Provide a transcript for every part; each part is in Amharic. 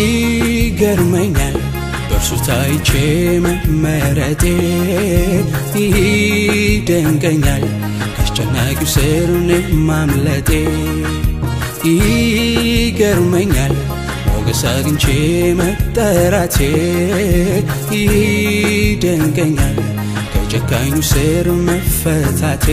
ይገርመኛል በእርሱ ታይቼ መመረጤ ይደንቀኛል ከአስጨናቂው ስሩን ማምለጤ ይገርመኛል ሞገስ አግኝቼ መጠራቴ ይደንቀኛል ከጨካኙ ስር መፈታቴ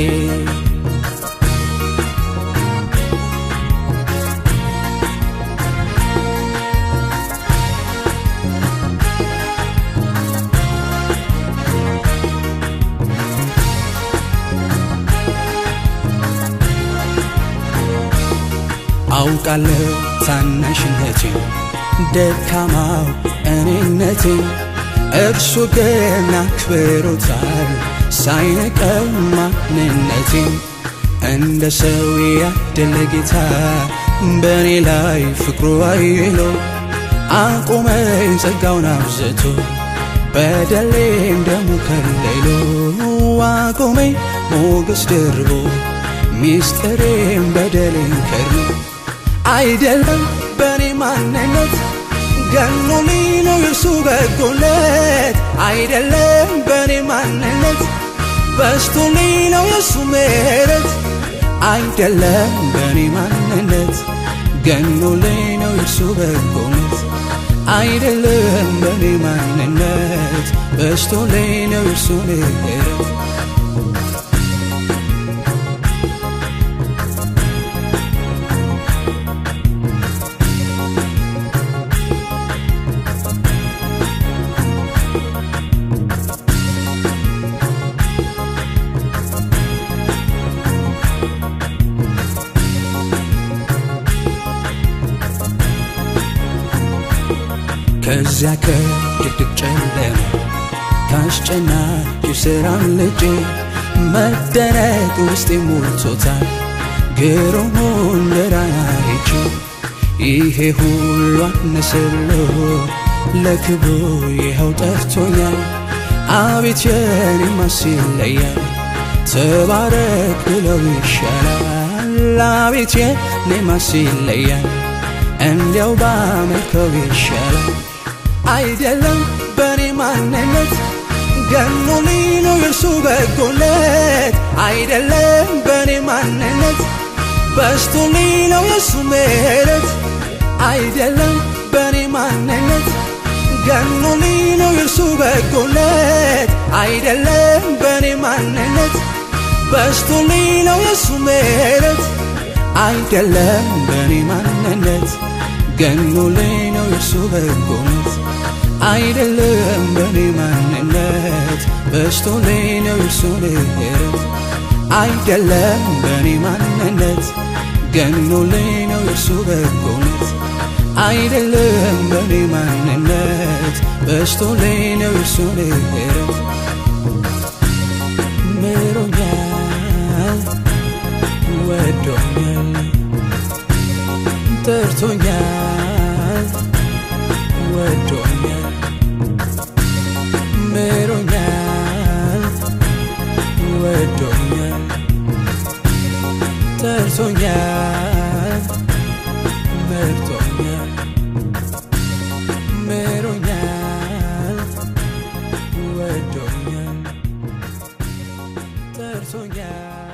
አውቃለሁ ታናሽነቴ ደካማው እኔነቴ እርሱ ግን አክብሮታል ሳይንቀው ማንነቴ እንደ ሰው ያደለ ጌታ በእኔ ላይ ፍቅሩ አይሎ አቁመኝ ጸጋውን አብዝቶ በደሌም ደሙ ከለሎ አቁመኝ ሞገስ ደርቦ ሚስጥሬም በደሌን ከርሞ አይደለም በኔ ማንነት ገኖ ሚለው እርሱ በጎነት አይደለም በኔ ማንነት በስቶ ሚለው የእሱ ምሕረት አይደለም በኔ ማንነት ገኖ ነው እርሱ በጎነት አይደለም በኔ ማንነት በስቶ ነው እርሱ ምሕረት ከዚያ ከድቅድቅ ጨለማ ካስጨናቂ ልጅ መደነቅ ውስጤ ሞልቶታል ግሩም እንደራይቼ ይሄ ሁሉ አነሰሎ ለክብሩ ይኸው ጠፍቶኛል አቤት የኔማ ሲለያል ተባረክ ብለው ይሻላል አቤት የኔ ሲለያል እንዲያው ባመልከው ይሻላል አይደለም በኔ ማንነት ገኖ ሚለው የእርሱ በጎነት አይደለም በኔ ማንነት በስቶ ሚለው የእሱ ምሕረት አይደለም በኔ ማንነት ገኖ ሚለው የእርሱ በጎነት አይደለም በኔ ማንነት በስቶ ሚለው የእሱ ምሕረት አይደለም በኔ ማንነት ገኖ በእርሱ በጎነት አይደለም በኔ ማንነት በስቶሌ ነው እርሱ ምሕረት አይደለም በኔ ማንነት ገኖልኝ ነው የእርሱ በጎነት አይደለም በኔ ማንነት በስቶሌ ነው እርሱ ምሕረት ምሮኛል ወዶኛል ጠርቶኛል wedonya meronya wedonya tersonya